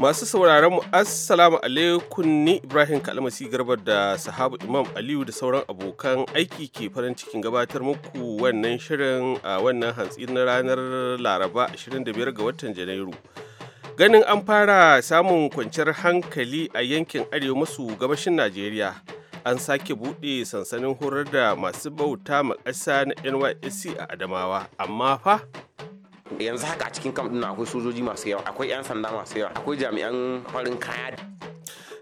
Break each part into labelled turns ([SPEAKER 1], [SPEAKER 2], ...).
[SPEAKER 1] Masu sauraron mu Assalamu alaikum ni Ibrahim Kalmasi Garba da sahabu Imam Aliyu da sauran abokan aiki ke farin cikin gabatar muku wannan shirin a wannan hantsi na ranar Laraba 25 ga watan Janairu. Ganin an fara samun kwanciyar hankali a yankin arewa masu gabashin Najeriya. An sake buɗe sansanin horar da masu bauta ma ƙasa na NYSC a Adamawa, amma fa
[SPEAKER 2] yanzu haka a cikin kam na akwai sojoji masu yawa akwai 'yan sanda masu yawa akwai jami'an farin kaya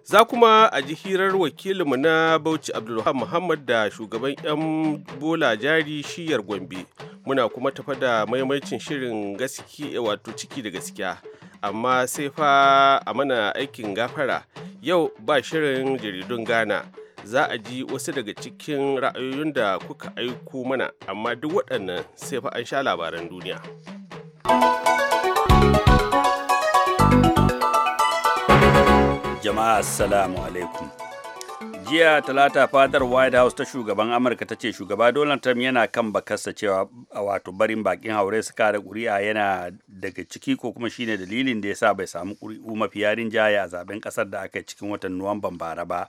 [SPEAKER 2] za kuma a ji hirar wakilinmu na bauchi Abdullahi
[SPEAKER 1] muhammad da shugaban 'yan bola jari shiyar gombe muna kuma tafa da maimaicin shirin gaskiya wato ciki da gaskiya amma sai fa a mana aikin gafara yau ba shirin jaridun ghana za a ji wasu daga cikin ra'ayoyin da kuka aiko mana amma duk waɗannan sai fa an sha labaran
[SPEAKER 3] duniya. Jama'a Assalamu alaikum. jiya talata fadar white house ta shugaban amurka ta ce shugaba donald trump yana kan bakarsa cewa a wato barin bakin haure su kare kuri'a yana daga ciki ko kuma shine dalilin da ya sa bai samu kuri'u yarin jaya a zaben kasar da aka cikin watan nuwamban bara ba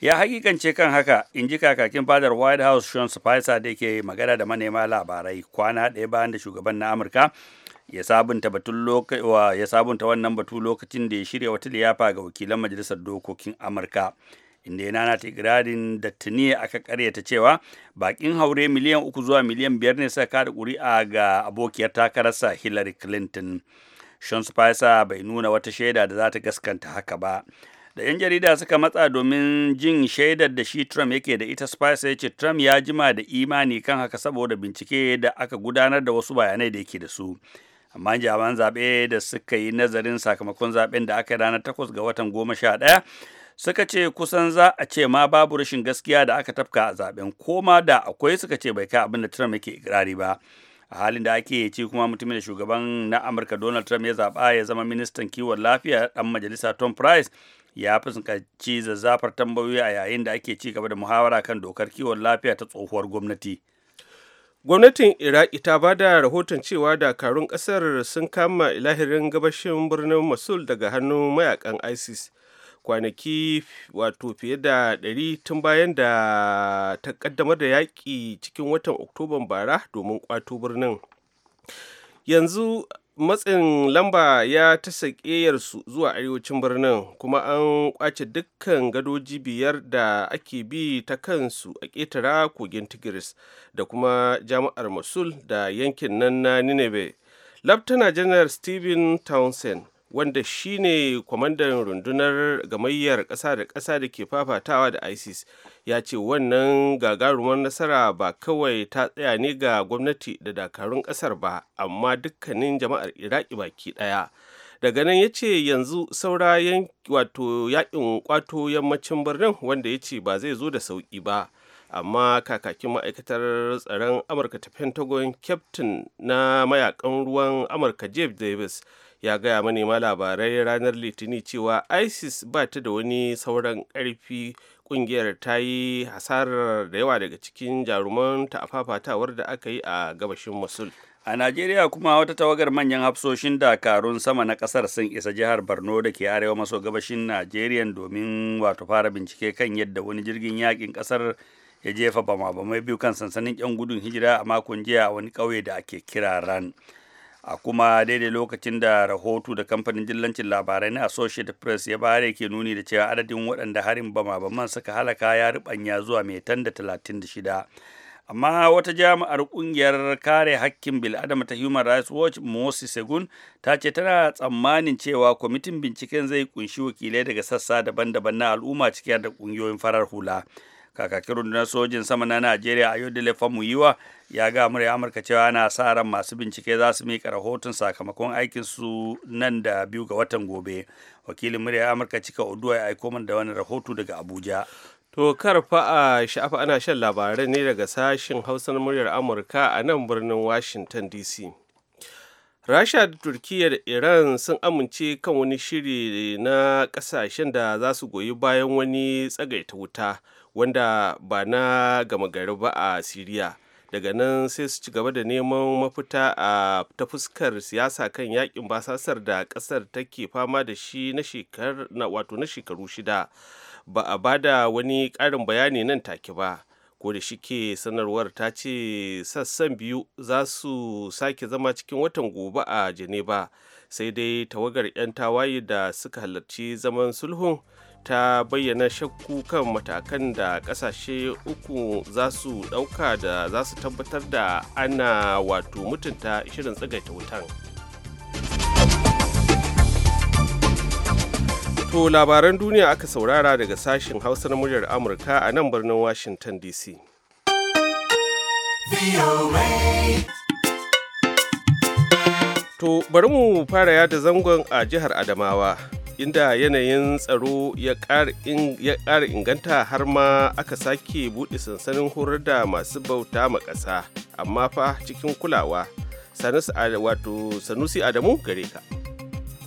[SPEAKER 3] ya hakikance kan haka in ji kakakin fadar white house sean spicer da ke magana da manema labarai kwana ɗaya bayan da shugaban na amurka ya sabunta batun ya sabunta wannan batu lokacin da ya shirya wata liyafa ga wakilan majalisar dokokin amurka inda ya nanata igirarin da tuni aka karyata cewa bakin haure miliyan uku zuwa miliyan biyar ne suka kada ƙuri'a ga abokiyar takararsa hillary clinton sean spicer bai nuna wata shaida da za ta gaskanta haka ba da 'yan jarida suka matsa domin jin shaidar da shi Trump yake da ita Spicer ya ce Trump ya jima da imani kan haka saboda bincike da aka gudanar da wasu bayanai da yake da su. amma jami'an zaɓe da suka yi nazarin sakamakon zaɓen da aka yi ranar takwas ga watan goma sha ɗaya suka ce kusan za a ce ma babu rashin gaskiya da aka tafka a zaɓen koma da akwai suka ce bai kai abin da Trump yake ikirari ba a halin da ake ci kuma mutumin da shugaban na amurka donald trump ya zaɓa ya zama ministan kiwon lafiya ɗan majalisa tom price ya fuskanci zazzafar tambayoyi a yayin da ake ci gaba da muhawara kan dokar kiwon lafiya ta tsohuwar gwamnati gwamnatin iraki ta ba da rahoton
[SPEAKER 1] cewa dakarun kasar sun kama lahirin gabashin birnin mosul daga hannun mayakan isis kwanaki wato fiye da ɗari tun bayan da ta kaddamar da yaƙi cikin watan oktoban bara domin kwato birnin yanzu matsin lamba ya ta su zuwa arewacin birnin kuma an kwace dukkan gadoji biyar da ake bi ta kansu a ƙetara kogin tigris da kuma jami'ar masul da yankin nan na nineveh laftana janar stephen townsend wanda shine kwamandan rundunar gamayyar ƙasa da ƙasa da ke fafatawa da isis ya ce wannan gagarumar nasara ba kawai ta tsaya ne ga gwamnati da dakarun ƙasar ba amma dukkanin jama'ar iraki baki ɗaya daga nan ya ce yanzu saura wato yakin kwato yammacin birnin wanda ya ce ba zai zo da sauƙi ba amma kakakin ma'aikatar tsaron amurka ta pentagon captain na mayakan ruwan amurka jeff davis ya gaya manema labarai ranar litini cewa isis ba ta da wani sauran karfi kungiyar ta yi hasarar
[SPEAKER 3] da yawa daga cikin ta a fafatawar da aka yi a gabashin musul a najeriya kuma wata tawagar manyan hafsoshin dakarun sama na kasar sun isa jihar borno da ke arewa maso gabashin najeriya domin wato fara bincike kan yadda wani jirgin yakin kasar ya jefa bama-bamai biyu kan sansanin 'yan gudun hijira a makon jiya a wani kauye da ake kira ran a kuma daidai lokacin da rahoto da kamfanin jillancin labarai na associated press ya bayar ke nuni da cewa adadin waɗanda harin bama-baman suka halaka ya ruɓanya zuwa Maitan da talatin da shida amma wata jami'ar kungiyar kare hakkin bil'adama ta human rights watch moses segun ta ce tana tsammanin cewa kwamitin binciken zai kunshi wakilai daga sassa daban-daban na al'umma cike da ƙungiyoyin farar hula kakakin rundunar sojin sama na najeriya a yau da yiwa ya ga murya amurka cewa ana sa ran masu bincike za su miƙa rahoton sakamakon aikin su nan da biyu ga watan gobe wakilin murya amurka cika oduwa ya aiko min da wani rahoto daga abuja
[SPEAKER 1] to karfa a sha'afa ana shan labarai ne daga sashin hausar muryar amurka a nan birnin washington dc rasha da turkiyya da iran sun amince kan wani shiri na kasashen da za su goyi bayan wani tsagaita wuta wanda ba na gama gari ba a siriya daga nan sai su ci gaba da neman mafita a ta fuskar siyasa kan yakin basasar da kasar take fama da shi na shekaru shida ba a bada wani karin bayani nan take ba ko da shike sanarwar ta ce sassan biyu za su sake zama cikin watan gobe a geneva sai dai tawagar 'yan tawaye da suka halarci zaman sulhun ta bayyana shakku kan matakan da kasashe uku za su ɗauka da za su tabbatar da ana wato mutunta shirin tsagaita wutan. To labaran duniya aka saurara daga sashen Hausa na muryar Amurka a nan birnin Washington DC. To bari mu fara yada zangon a jihar Adamawa. inda yanayin tsaro ya ƙara inganta har ma aka sake buɗe sansanin horar da masu bauta ma ƙasa amma fa cikin kulawa sanusi adamu gare ka.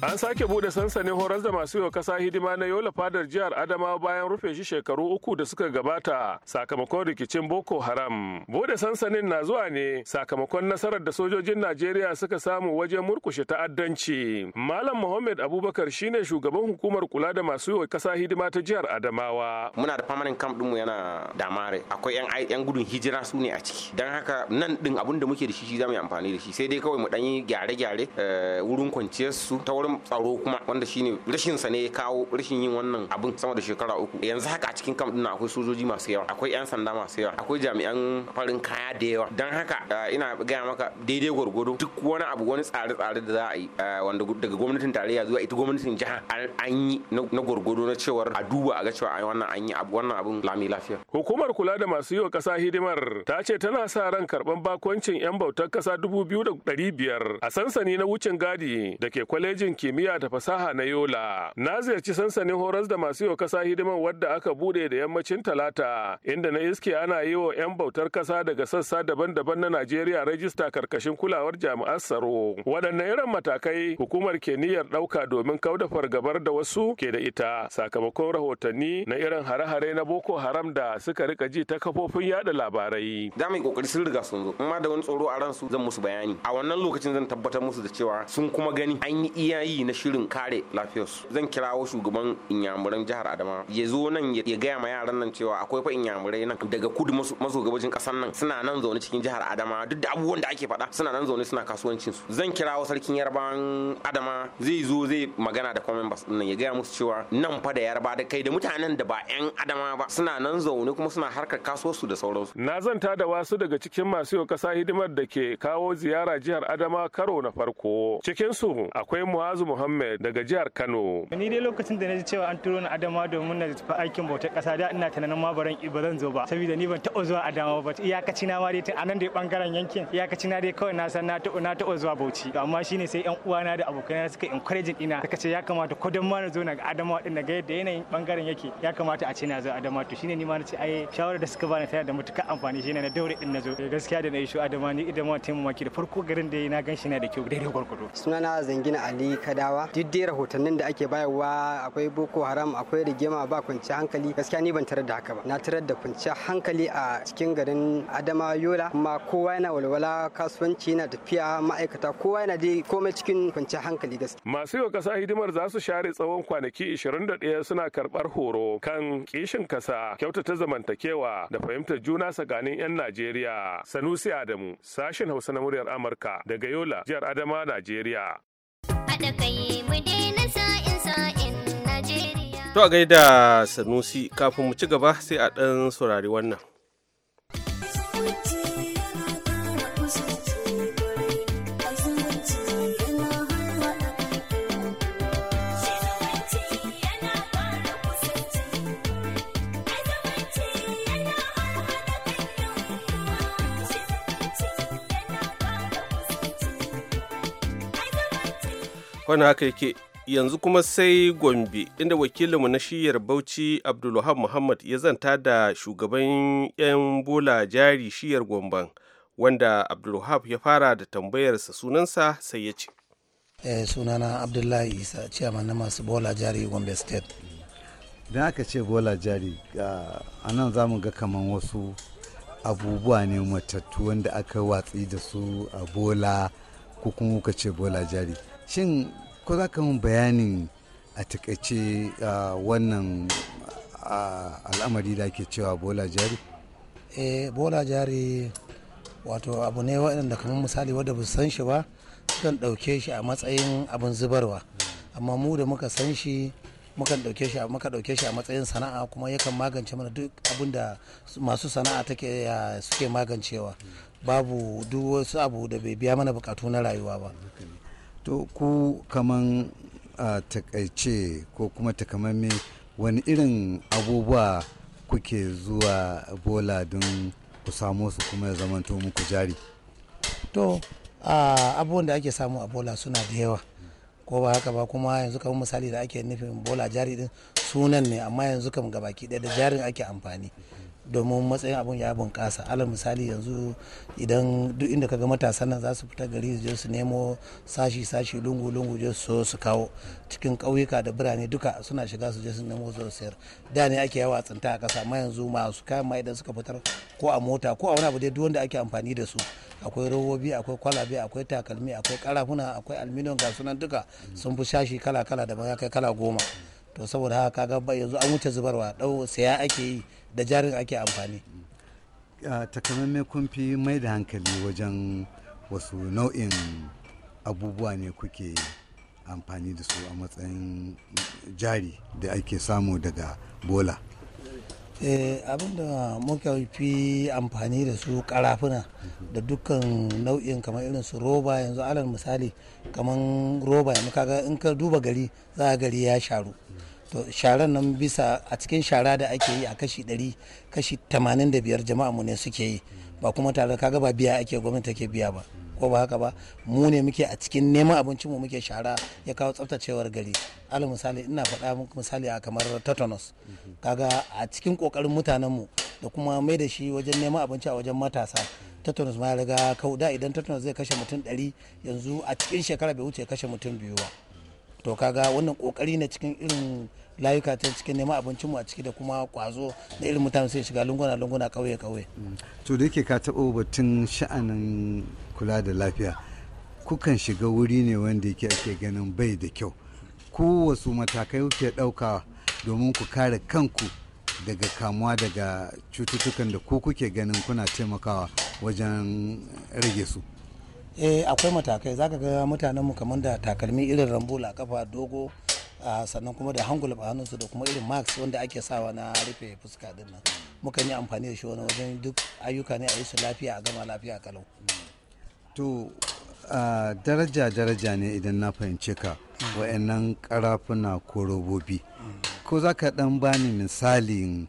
[SPEAKER 4] An sake bude sansanin horar da masu yau kasa hidima na Yola fadar jihar Adamawa bayan rufe shi shekaru uku da suka gabata sakamakon rikicin Boko Haram. Bude sansanin na zuwa ne sakamakon nasarar da sojojin Najeriya suka samu wajen murkushe ta'addanci. Malam Muhammad Abubakar shine shugaban hukumar kula da masu yau kasa hidima ta jihar Adamawa. Muna da permanent camp dinmu yana damare.
[SPEAKER 2] Akwai yan yan gudun hijira su ne a ciki. Dan haka nan din abun da muke da shi shi zamu yi amfani da shi. Sai dai kawai mu dan yi gyare-gyare eh, wurin kwanciyar su ta wurin tsaro kuma wanda shine rashin sa ne ya kawo rashin yin wannan abin sama da shekara uku yanzu haka a cikin kamfanin akwai sojoji masu yawa akwai yan sanda masu yawa akwai jami'an farin kaya da yawa dan haka eh, ina gaya maka daidai gwargwado duk wani abu wani tsare-tsare da za a yi eh, wanda daga gwamnatin tarayya zuwa ita gwamnatin jiha an yi na gwargwado na cewar a duba a ga cewa ai wannan an yi abu wannan abun lami lafiya
[SPEAKER 4] hukumar kula da masu yiwa kasa hidimar ta ce tana sa ran karban bakoncin yan bautar kasa dubu biyu da ɗari biyar a sansani na wucin gadi da ke kwalejin kimiyya da fasaha na Yola. Na ziyarci sansanin horas da masu yau kasa hidiman wadda aka bude da yammacin Talata, inda na iske ana yi wa 'yan bautar kasa daga sassa daban-daban na Najeriya rajista karkashin kulawar jami'an tsaro. Waɗanne irin matakai hukumar ke niyyar ɗauka domin kauda fargabar da wasu ke da ita sakamakon rahotanni na irin hare-hare na Boko Haram da suka rika ji ta kafofin yada labarai. Da mai kokari sun riga sun zo, amma da wani tsoro a ransu zan musu bayani. A wannan
[SPEAKER 2] lokacin zan tabbatar musu da cewa sun kuma gani an yi iyayi yi na shirin kare lafiyarsu zan kirawo shugaban inyamuran jihar adama ya zo nan ya gaya ma yaran nan cewa akwai fa inyamurai nan daga kudu maso gabashin kasar nan suna nan zaune cikin jihar adama duk da abubuwan da ake faɗa suna nan zaune suna kasuwancin su zan kirawo sarkin yarban adama zai zo zai magana da kwamen bas nan ya gaya musu cewa nan fa da yarba da kai da mutanen da ba yan adama ba suna nan zaune kuma suna harkar kasuwarsu
[SPEAKER 4] da sauransu na zanta da wasu daga cikin masu yau kasa hidimar da ke kawo ziyara jihar adama karo na farko cikinsu akwai muhammad bazu muhammad daga jihar kano ni dai lokacin
[SPEAKER 1] da na ji cewa an turo ni adama domin na tafi aikin bautar kasa da ina tunanin ma baran ba zan zo ba saboda ni ban taɓa zuwa adama ba iyakaci na ma dai tun anan da bangaren yankin iyakaci na dai kawai na san na taɓa zuwa bauchi amma shine sai yan uwana da abokaina suka encouraging ina suka ce ya kamata ko dan ma na zo na ga adama din na ga yadda yanayin bangaren yake ya kamata a ce na zo adama to shine ni ma na ce ai shawara da suka bani tana da matukar amfani shine na daure din na zo eh, gaskiya da na yi shu adama ni idan ma taimaki da farko garin da na gan shi na da kyau daidai gwargwado
[SPEAKER 5] sunana zangina ali kadawa duk dai rahotannin da ake bayarwa akwai boko haram akwai rigima ba kwanciyar hankali gaskiya ni ban tarar da haka ba na tarar da kwanciyar hankali a cikin garin adama yola kuma kowa yana walwala kasuwanci yana tafiya ma'aikata kowa yana dai komai cikin kwanciyar hankali gaskiya
[SPEAKER 4] masu yau kasa hidimar za su share tsawon kwanaki 21 suna karbar horo kan kishin kasa kyautata zamantakewa da fahimtar juna tsakanin 'yan najeriya sanusi adamu sashin hausa na muryar amurka daga yola jihar adama najeriya haɗa kai mu Najeriya.
[SPEAKER 1] To a gaida Sanusi kafin mu ci gaba sai a ɗan saurari wannan. wani haka yake yanzu kuma sai Gombe inda wakilinmu na shiyar Bauchi abdulluhan Muhammad ya zanta da shugaban 'yan bola jari shiyar Gomban wanda abdulluhan ya fara da tambayarsa sunansa sai ya ce.
[SPEAKER 6] Eh, sunana Abdullahi Isa ciyaman na masu bola jari Gombe
[SPEAKER 7] State. Idan aka ce bola jari a nan za mu ga kaman wasu abubuwa ne matattu wanda aka watsi da su a bola ko kuma ka ce bola jari shin ko za ka mun bayanin a takaice wannan al'amari da ke cewa bola jari eh bola jari wato abu ne waɗanda kamar misali wadda ba san shi ba
[SPEAKER 6] sukan ɗauke shi a matsayin abin zubarwa amma mu da muka san shi muka ɗauke shi muka ɗauke shi a matsayin sana'a kuma yakan magance mana duk abin da masu sana'a take suke magancewa babu duk wasu abu da bai biya mana bukatu na
[SPEAKER 7] rayuwa ba to ku kaman a takaice ko kuma takamamme wani irin abubuwa kuke zuwa bola don ku samo su kuma ya zamanto muku jari
[SPEAKER 6] to abubuwan da ake samu a bola suna da yawa ko ba haka ba kuma yanzu kamar misali da ake nufin bola jari din sunan ne amma yanzu kam gabaki ɗaya da jarin ake amfani domin matsayin abun ya bunkasa alal misali yanzu idan duk inda kaga matasan nan za su fita gari su je su nemo sashi sashi lungu lungu je su su kawo cikin kauyuka da birane duka suna shiga su je su nemo su sayar da ne ake yawa tsinta a kasa amma yanzu masu kayan ma idan suka fitar ko a mota ko a wani abu dai duk wanda ake amfani da su akwai robobi akwai kwalabe akwai takalmi akwai karafuna akwai alminon ga sunan duka sun fi sashi kala kala da ya kai kala goma to saboda haka kaga ba yanzu an wuce zubarwa dau saya ake yi da jarin ake amfani
[SPEAKER 7] takamaimai kun fi mai da hankali wajen wasu nau'in abubuwa ne kuke amfani da su a matsayin jari da ake samu daga bola
[SPEAKER 6] Eh, abinda muka fi amfani da su karafuna da dukkan nau'in kamar irin su roba yanzu alal misali kamar roba yanzu kaga in ka duba gari za a gari ya sharu to sharan nan bisa a cikin shara da ake yi a kashi 100 kashi 85 jama'a mu ne suke yi ba kuma tare kaga ba biya ake gwamnati take biya ba ko ba haka ba mu ne muke a cikin neman abincin mu muke shara ya kawo tsaftacewar gari alal misali ina faɗa misali a kamar tetanus kaga a cikin kokarin mutanen mu da kuma mai da shi wajen neman abinci a wajen matasa tetanus ma ya riga da idan tetanus zai kashe mutum ɗari yanzu a cikin shekara bai wuce kashe mutum biyu ba to kaga wannan kokari na cikin irin layuka ta cikin neman abincin mu a ciki da kuma kwazo da irin mutane sai shiga lunguna lunguna kauye kauye
[SPEAKER 7] to da yake ka taɓa batun sha'anin kula da lafiya kukan shiga wuri ne wanda yake ake ganin bai da kyau ko wasu matakai kuke ɗauka domin ku kare kanku daga kamuwa daga cututtukan da ku kuke ganin kuna taimakawa wajen rage su
[SPEAKER 6] eh akwai matakai zaka ga mutanenmu kamar da takalmi irin rambula kafa dogo Uh, sannan kuma da hangul a hannunsu da kuma irin max wanda ake sawa na rufe fuska din nan mukan yi amfani da shi wani wajen duk ayyuka ne a yi su lafiya a gama lafiya kalau
[SPEAKER 7] to daraja daraja ne idan na fahimce ka wa'annan karafuna ko robobi ko za ka dan bani misalin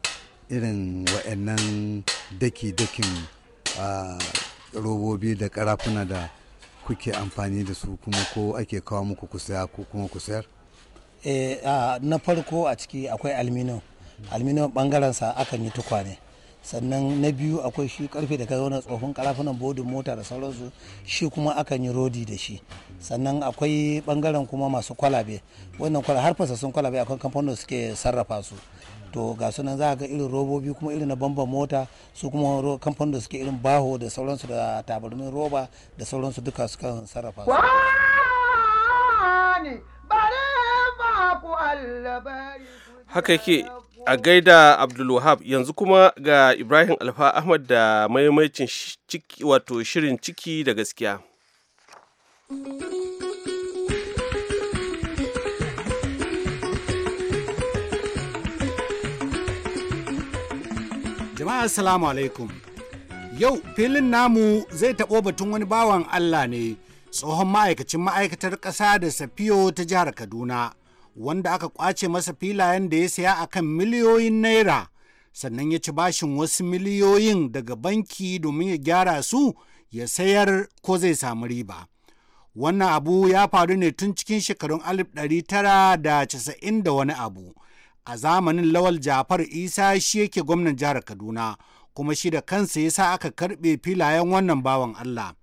[SPEAKER 7] irin wa'annan daki-dakin robobi da karafuna da kuke amfani da su kuma ko ake kawo muku kusaya ko kuma kusayar? Eh, na
[SPEAKER 6] farko a ciki akwai aluminium alminum bangaren sa akan yi tukwane sannan na biyu akwai shi karfe da kai wani tsofin karafunan bodin mota da sauransu shi kuma akan yi rodi da shi sannan akwai bangaren kuma masu kwalabe wannan kwalabe har sun kwalabe akwai kamfanin suke sarrafa su to ga sunan za ga irin robobi kuma irin na bamban mota su kuma kamfanin da suke irin baho da sauransu da tabarmin roba da sauransu duka sukan sarrafa
[SPEAKER 7] su bari ba ku
[SPEAKER 1] haka yake a gaida abdulwahab yanzu kuma ga ibrahim alfa ahmad da maimacin wato shirin ciki da gaskiya
[SPEAKER 8] jama'a assalamu alaikum yau filin namu zai taɓo batun wani bawan allah ne tsohon ma'aikacin ma'aikatar ƙasa da safiyo ta jihar kaduna wanda aka kwace masa filayen da ya saya a kan miliyoyin naira sannan ya ci bashin wasu miliyoyin daga banki domin ya gyara su ya sayar ko zai samu riba wannan abu ya faru ne tun cikin shekarun alif ɗari tara da wani abu a zamanin lawal jafar isa shi yake gwamnan jihar kaduna kuma shi da kansa ya sa aka karɓe filayen wannan bawan allah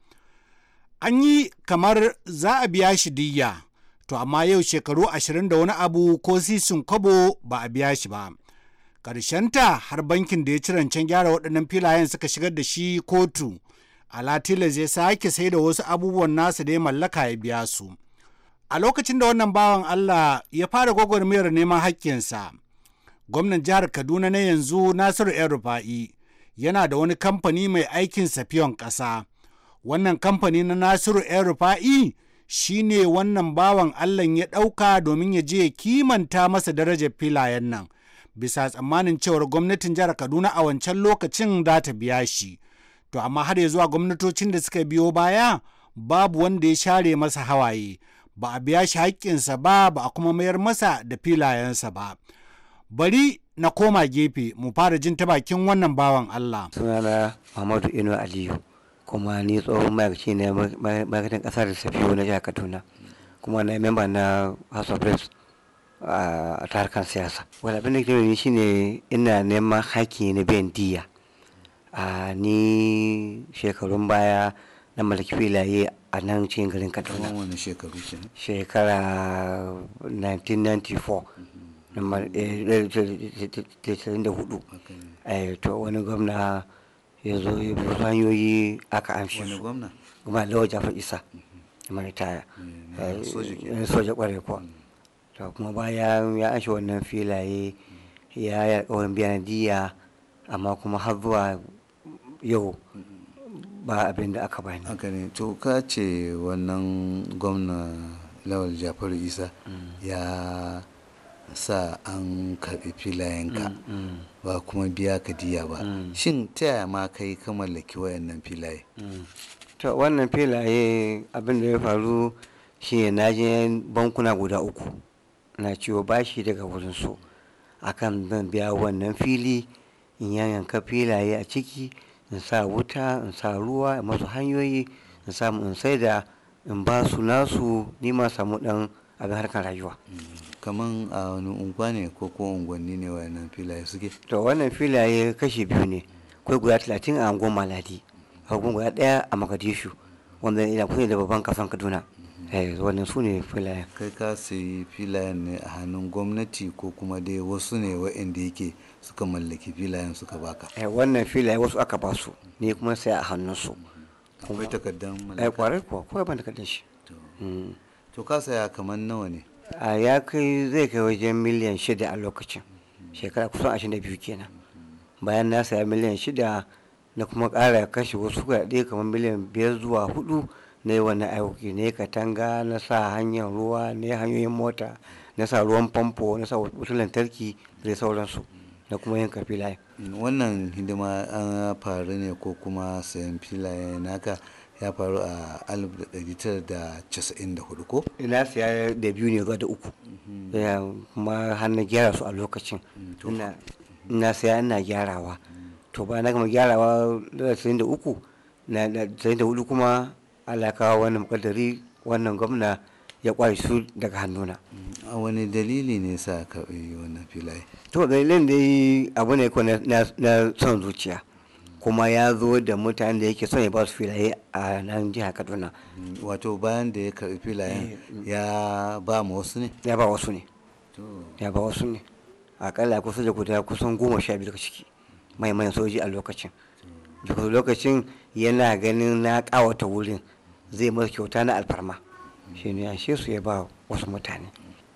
[SPEAKER 8] an yi kamar za a biya shi diyya to amma yau shekaru ashirin da wani abu ko sisin kwabo ba a biya shi ba ta har bankin da ya ci rancen gyara waɗannan filayen suka shigar da shi kotu alatila zai sake sai da wasu abubuwan nasa da ya mallaka ya biya su a lokacin da wannan bawan allah ya fara gwagwarmayar neman hakkinsa gwamnan jihar kaduna na yanzu nasiru yan rufa'i yana da wani kamfani mai aikin safiyon ƙasa wannan kamfani na nasiru yan rufa'i shi ne wannan bawan Allah ya ɗauka domin ya je ya kimanta masa darajar filayen nan bisa tsammanin cewar gwamnatin jihar Kaduna a wancan lokacin za ta biya shi to amma har ya zuwa gwamnatocin da suka biyo baya babu wanda ya share masa hawaye ba a biya shi haƙƙinsa ba ba a kuma mayar masa da filayensa ba bari na koma gefe mu fara jin ta bakin wannan bawan Allah
[SPEAKER 5] sunana Muhammadu Inu Aliyu kuma ni tsohon ma'aikaci ne ma'aikatan ƙasar da safiyo na jihar kaduna kuma na memba na house of reps a harkar siyasa wani abin da ke ne shine ina neman haƙƙi na biyan diya a ni shekarun baya na mallaki filaye a nan cikin garin kaduna wani shekaru shekara 1994 da hudu to wani gwamna ya zo ya bi hanyoyi aka amshi su kuma lawa jafar isa mai ritaya mm, eh, soja kwarai kuwa mm. to kuma bayan ya amshi wannan filaye ya yi alkawarin biyan diya amma kuma har zuwa
[SPEAKER 7] yau ba abin da aka bani aka ne to ka ce wannan gwamna lawal jafaru isa mm. ya sa an karɓi filayenka mm, mm. ba kuma biya ka diya ba mm. shin ta yaya ma kai ka mallaki wayannan filaye
[SPEAKER 5] to wannan filaye abin da ya faru shi na je bankuna guda uku na ciwo bashi daga wurin su akan zan biya wannan fili in yanka filaye a ciki in sa wuta in sa ruwa in masu hanyoyi in samu in da in ba su nasu ni ma samu dan abin harkar rayuwa kaman a wani unguwa ne ko ko unguwanni ne wayannan filaye suke to wannan filaye kashi biyu ne akwai guda talatin a unguwar maladi akwai guda daya a makadishu wanda ina kusa da babban kasan kaduna mm-hmm. eh, wannan su ne filayen
[SPEAKER 7] kai ka sayi filayen ne a hannun gwamnati ko kuma dai wasu ne wa'anda yake suka mallaki filayen suka baka eh, wannan filaye wasu aka ba su ne kuma sai a hannun su. kuma takardar mallaka
[SPEAKER 5] kwarai eh, kuwa kawai ban takardar shi to mm. ka saya kamar nawa ne ya kai zai kai wajen miliyan shida a lokacin shekara kusan ashirin da biyu kenan bayan na saya miliyan shida na kuma ƙara kashe wasu kuɗaɗe kamar miliyan biyar zuwa hudu na yi wani aiki ne katanga na sa hanyar ruwa na hanyoyin mota na sa ruwan famfo na sa wutar
[SPEAKER 7] lantarki da sauransu na kuma yin layi. wannan hidima an faru ne ko kuma sayan filayen naka ya faru a 1994 ko? ina ya da biyu ne zuwa da uku mhm. kuma hannun
[SPEAKER 5] gyara su a lokacin mm, ina ya ina gyarawa to ba na gama gyarawa da 93 na 94 kuma alakawa wannan makadari wannan gwamna ya kwari su daga hannuna. Mm, a wani dalili ne sa karɓi
[SPEAKER 7] wannan filaye?
[SPEAKER 5] to dalilin dai abu ne na son zuciya kuma ya zo da mutanen da yake son ya ba su filaye a nan jiha kaduna wato bayan da ya karbi filayen eh. ya ba ma wasu ne ya ba wasu ne ya ba wasu ne A akalla kusa da guda kusan goma sha biyu ciki mai mai soji a lokacin daga lokacin yana ganin na kawata wurin zai masa kyauta na alfarma
[SPEAKER 7] shi ne ashe su ya ba wasu mutane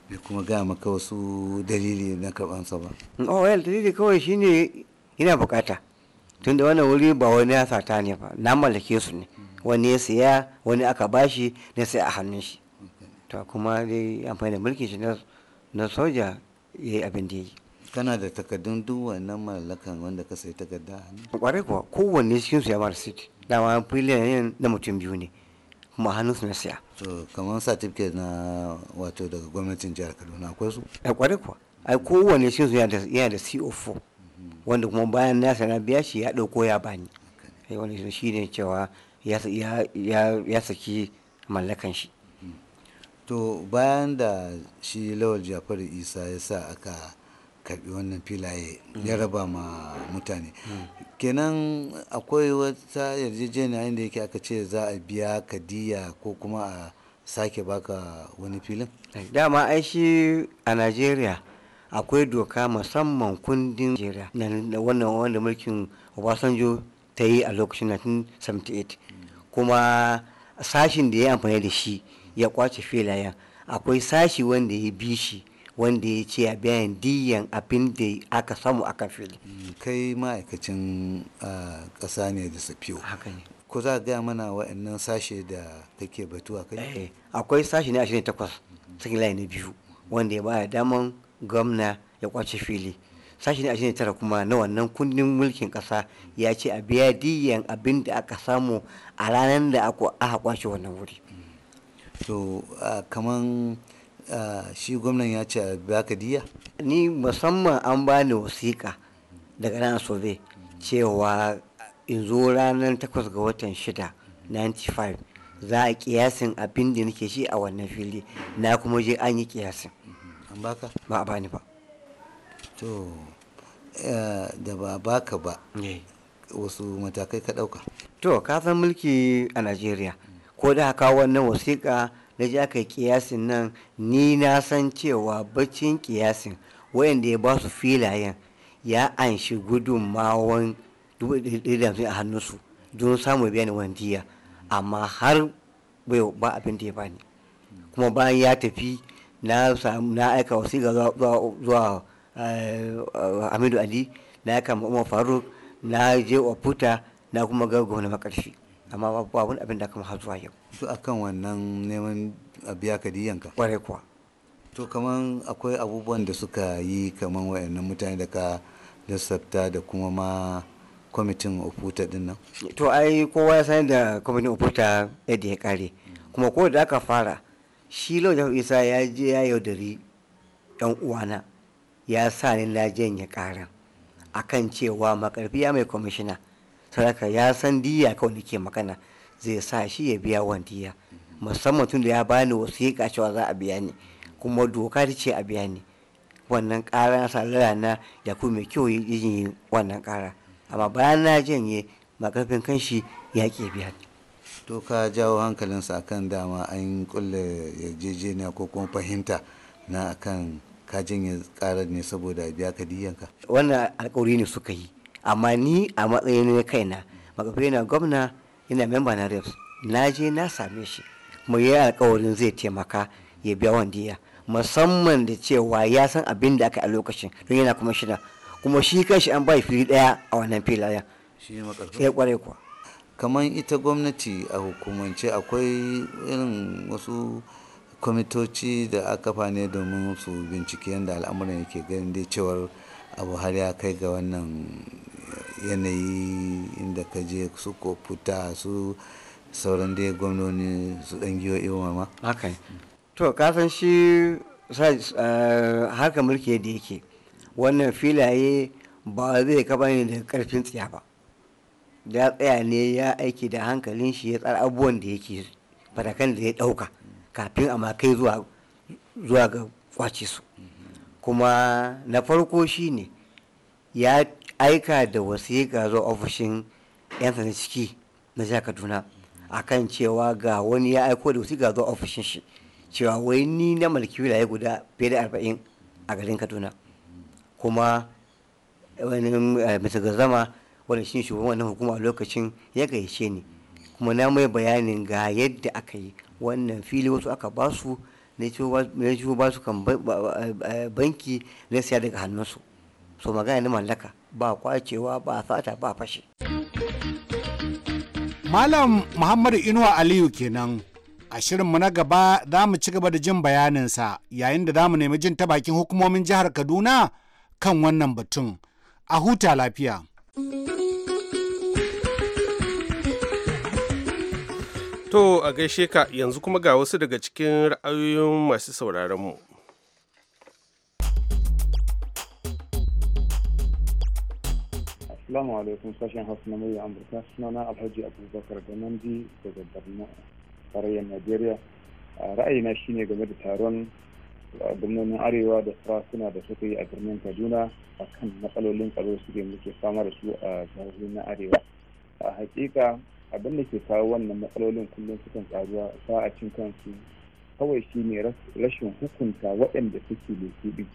[SPEAKER 7] bai kuma ga maka wasu dalili na karbansa ba
[SPEAKER 5] oh well dalili kawai shine yana bukata tunda wannan wuri ba wani ya sata ne ba na mallake su ne wani ya siya wani aka bashi na sai a hannun shi to kuma dai amfani da mulkin shi na soja ya yi
[SPEAKER 7] abin da ya yi kana da takardun duk wannan mallakan wanda ka sai takarda hannu
[SPEAKER 5] kwarai kuwa kowanne cikin su ya mara siti dama filiyan na mutum biyu ne kuma hannun su na siya to kamar certificate na wato daga gwamnatin jihar kaduna akwai su eh, kwarai kuwa ai kowanne cikin su yana da co4 wanda kuma bayan nasa na biya shi ya ɗauko ya bani sai eh, wani shi ne cewa ya saki mallakan shi
[SPEAKER 7] to bayan da shi lawal jafaru isa ya sa aka karbi wannan filaye ya raba ma mutane kenan akwai wata yarjejeniya inda yake aka ce za a biya kadiya ko kuma a sake baka wani filin dama ai shi
[SPEAKER 5] a najeriya akwai doka musamman kundin jera na wannan wanda mulkin obasanjo ta yi a lokacin 1978 kuma sashin da ya amfani da shi ya kwace filayen akwai sashi wanda ya bi shi wanda ya ce a bayan
[SPEAKER 7] diyan abin da aka samu a kan fili. Mm, kai ma'aikacin ah, ƙasa ne da safiyo ko za a gaya mana wa'annan sashe da kake batu a kai eh,
[SPEAKER 5] akwai sashi na 28 cikin layi na biyu wanda ya baya daman gwamna ya kwace fili sashi na ashirin tara kuma na wannan kundin mulkin kasa ya ce a biya diyan abin da aka samu a ranar da aka kwace wannan wuri to kaman shi gwamnan ya ce a ka diya ni musamman an ba ni wasiƙa daga nan sobe cewa in zo ranar takwas ga watan shida 95 za a kiyasin abin da nake shi a wannan fili na kuma je an yi kiyasin an baka ba a bani ba to eh, da ba baka ba wasu matakai ka dauka to ka san mulki a najeriya mm. ko da haka wannan wasiƙa na ji aka yi kiyasin nan ni na san cewa baccin kiyasin wayanda ya ba su filayen ya anshi gudunmawan a hannunsu don samun biyan wandiya amma har ba abin da ya bani mm. kuma bayan ya tafi na samu na aika ga zuwa eh, Aminu Ali na aika Umar Faruk na je puta na kuma ga gwamna makarshi amma babu wani abin da kama har zuwa yau su akan wannan
[SPEAKER 7] neman a biya ka diyanka kwarai kuwa to kaman akwai abubuwan da suka yi kaman wayannan mutane da ka lissafta da kuma ma kwamitin ofuta din nan
[SPEAKER 5] to ai kowa ya sani da kwamitin ofuta yadda ya kare kuma ko da aka fara shi laujan isa ya je ya yaudari yan uwana ya sa ni na janye a akan cewa ya mai kwamishina saraka ya san diya kawai ke magana zai sa shi ya biya diya musamman tun da ya bani wasu wasiƙa cewa za a biya ne kuma doka ta ce a biya ne wannan ƙara na salara na ya ku mai kyau yi wannan ƙara amma bayan na janye makarfin kanshi ya ke biya ne
[SPEAKER 7] to ka jawo hankalinsa akan dama an kulle yarjejeniya ko kuma fahimta na akan kajin ya karar ne saboda biya ka diyanka
[SPEAKER 5] wannan alkawari ne suka yi amma ni a matsayin na kaina makafi na gwamna yana memba na reps na je na same shi kuma ya alkawarin zai taimaka ya biya wandiya musamman da cewa ya san abin da aka a lokacin don yana kuma shida kuma shi kanshi an bai fili daya a wannan filayen
[SPEAKER 7] shi ne kware eh, kuwa kamar ita gwamnati a hukumance akwai irin wasu kwamitoci da aka kafa ne domin su bincike yadda al'amuran yake ganin dai cewar abu har ya kai ga wannan yanayi inda ka je su ko fita su sauran dai gwamnoni su dan giyo iwama. Okay. To kasan shi eh, harkar mulki yadda yake
[SPEAKER 5] wannan filaye ba zai kaba ne da karfin tsiya ba. ya tsaya ne ya aiki da hankalin shi ya tsara abubuwan da yake farakan da ya dauka kafin a kai zuwa ga kwace su kuma na farko shi ne ya aika da wasiƙa zuwa ofishin 'yan sanda ciki na jihar kaduna akan cewa ga wani ya aiko da wasiƙa zuwa ofishin shi cewa wai ni na mulki ya guda fiye da arba'in a garin kaduna kuma wani mr eh, gazama wanda shi shugaban wannan hukuma a lokacin ya gaishe ni kuma na mai bayanin ga yadda aka yi wannan fili wasu aka ba su na ciwo ba su kan banki na siya daga hannunsu so magana na mallaka ba kwacewa ba sata ba fashe malam muhammadu inuwa aliyu kenan a shirin mu na
[SPEAKER 8] gaba za mu ci gaba da jin bayaninsa yayin da za mu nemi jin ta bakin hukumomin jihar kaduna kan wannan batun a huta lafiya
[SPEAKER 1] To a gaishe ka yanzu kuma ga wasu daga cikin ra'ayoyin masu sauraron mu.
[SPEAKER 2] Assalamu alaikum sashen Hausa na murya Amurka suna na Alhaji Abubakar Ganandi daga Borno tarayyar Najeriya. Ra'ayina shine game da taron gwamnonin Arewa da sarakuna da suka yi a birnin Kaduna akan matsalolin tsaro suke muke fama da su a jihohin na Arewa. A hakika abin da ke kawo wannan matsalolin kullum sukan karuwa ba a cin kansu kawai shi ne rashin hukunta waɗanda suke laifi ɗin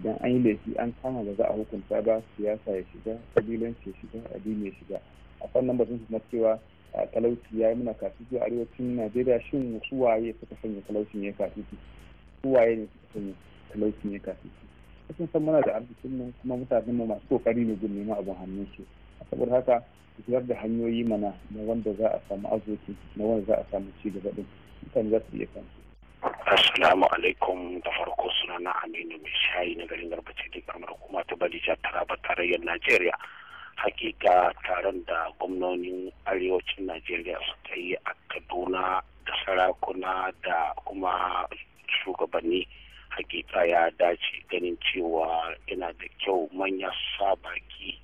[SPEAKER 2] idan an yi laifi an kama ba za a hukunta ba siyasa ya shiga kabilanci ya shiga addini ya shiga a fannin sun su cewa talauci ya yi muna kasuwa a arewacin najeriya shin su waye suka sanya talaucin ya kasuwa su waye ne suka sanya talaucin ya kasuwa sun san muna da arzikin mu kuma mutanen mu masu kokari ne gun nema abin hannun su saboda haka zubar da hanyoyi mana na wanda za a samu arziki na wanda za a samu ci gaba din mutane za su iya kan Assalamu alaikum da farko na Aminu mai shayi na garin garbace da kamar kuma ta Balija Taraba tarayyar Najeriya. Hakika taron da gwamnonin arewacin Najeriya suka yi a Kaduna da sarakuna da kuma shugabanni hakika ya dace ganin cewa yana da kyau manya sa baki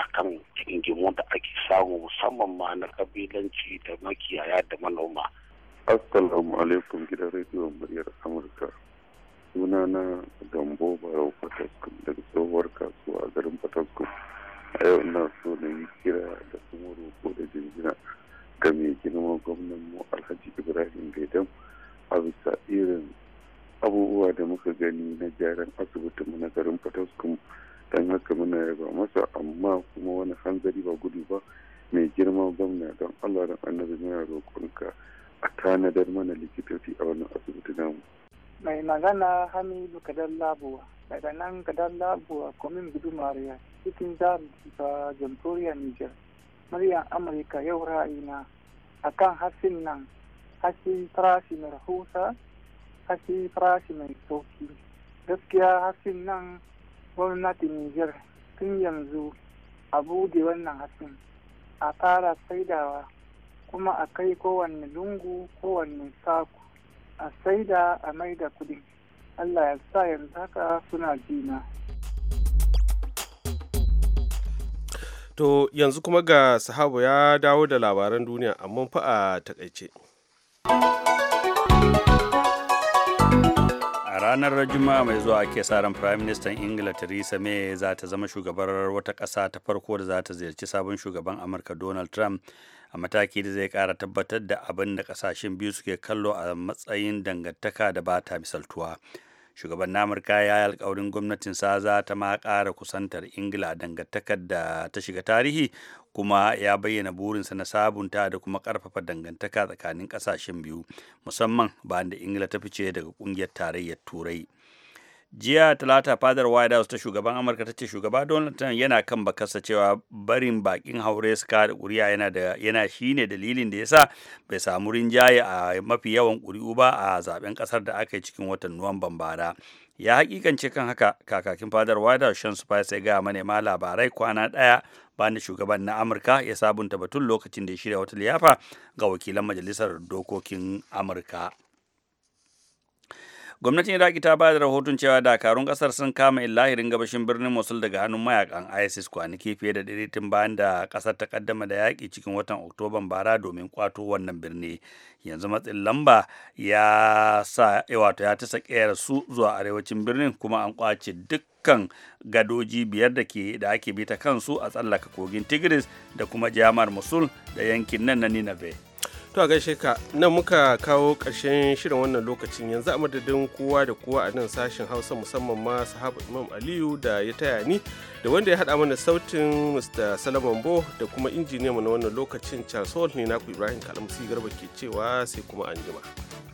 [SPEAKER 2] akan ingimu da ake samu musamman ma na kabilanci da makiyaya da manoma. Assalamu alaikum gidan rediyon muryar Amurka. suna na Gambo Barau Fataskum daga tsohuwar kasuwa a garin Fataskum. A yau ina so na yi kira da kuma roƙo da jinjina ga mai girman gwamnan mu Alhaji Ibrahim Gaidam a bisa irin abubuwa da muka gani na gyaran asibitin mu na garin Fataskum dan haka muna yaba masa amma kuma wani hanzari ba gudu ba mai girma gwamna don allah don annabi muna roƙonka a tanadar mana likitoci a wannan asibiti namu
[SPEAKER 8] mai magana hamidu kadar labuwa daga nan kadar labuwa komin gudu mariya cikin jihar ba jamhuriya niger murya amurka yau ra'ayina akan hasin nan hasin farashi mai rahusa hasin farashi mai sauki gaskiya hasin nan gwamnatin Nijar tun yanzu a bude wannan hatsin a fara saidawa kuma a kai kowanne lungu kowanne saku a saida a maida kudin Allah ya sa yanzu haka suna jina.
[SPEAKER 1] To yanzu kuma ga sahabu
[SPEAKER 3] ya dawo da labaran duniya amma fa a takaice. ranar juma'a mai zuwa ake sa ran prime minister ingila theresa may za ta zama shugabar wata ƙasa ta farko da za ta ziyarci sabon shugaban amurka donald trump a mataki da zai kara tabbatar da abin da ƙasashen biyu suke kallo a matsayin dangantaka da ba ta misaltuwa shugaban na amurka ya yi alkawarin gwamnatin sa za ta ma kara kusantar ingila dangantakar da ta shiga tarihi kuma ya bayyana burinsa na sabunta da kuma karfafa dangantaka tsakanin kasashen biyu musamman bayan da ingila ta fice daga kungiyar tarayyar turai jiya talata fadar white house ta shugaban amurka ta ce shugaba donald trump yana kan bakarsa cewa barin bakin haure suka da kuri'a yana da yana shine dalilin da yasa bai samu rinjaye a mafi yawan kuri'u ba a zaben kasar da aka yi cikin watan nuwamban bara ya hakikance kan haka kakakin fadar white house shan spice ya ga manema labarai kwana daya bayan shugaban na amurka ya sabunta batun lokacin da ya shirya wata liyafa ga wakilan majalisar dokokin amurka gwamnatin iraki ta ba da rahoton cewa dakarun kasar sun kama illahirin gabashin birnin mosul daga hannun mayakan isis kwanaki fiye da ɗari tun bayan da kasar ta kaddama da yaƙi cikin watan oktoban bara domin kwato wannan birni yanzu matsin lamba ya sa wato ya ta su zuwa arewacin birnin kuma an kwace duk dukkan gadoji biyar da ke da ake bi ta kansu a tsallaka kogin tigris da kuma jami'ar musul da yankin nan na ninabe
[SPEAKER 1] to a gaishe ka nan muka kawo ƙarshen shirin wannan lokacin yanzu a madadin kowa da kowa a nan sashen hausa musamman ma sahabu imam aliyu da ya taya ni da wanda ya haɗa mana sautin mr salaman bo da kuma injiniyanmu na wannan lokacin charles hall ne naku ibrahim kalamusi garba ke cewa sai kuma anjima.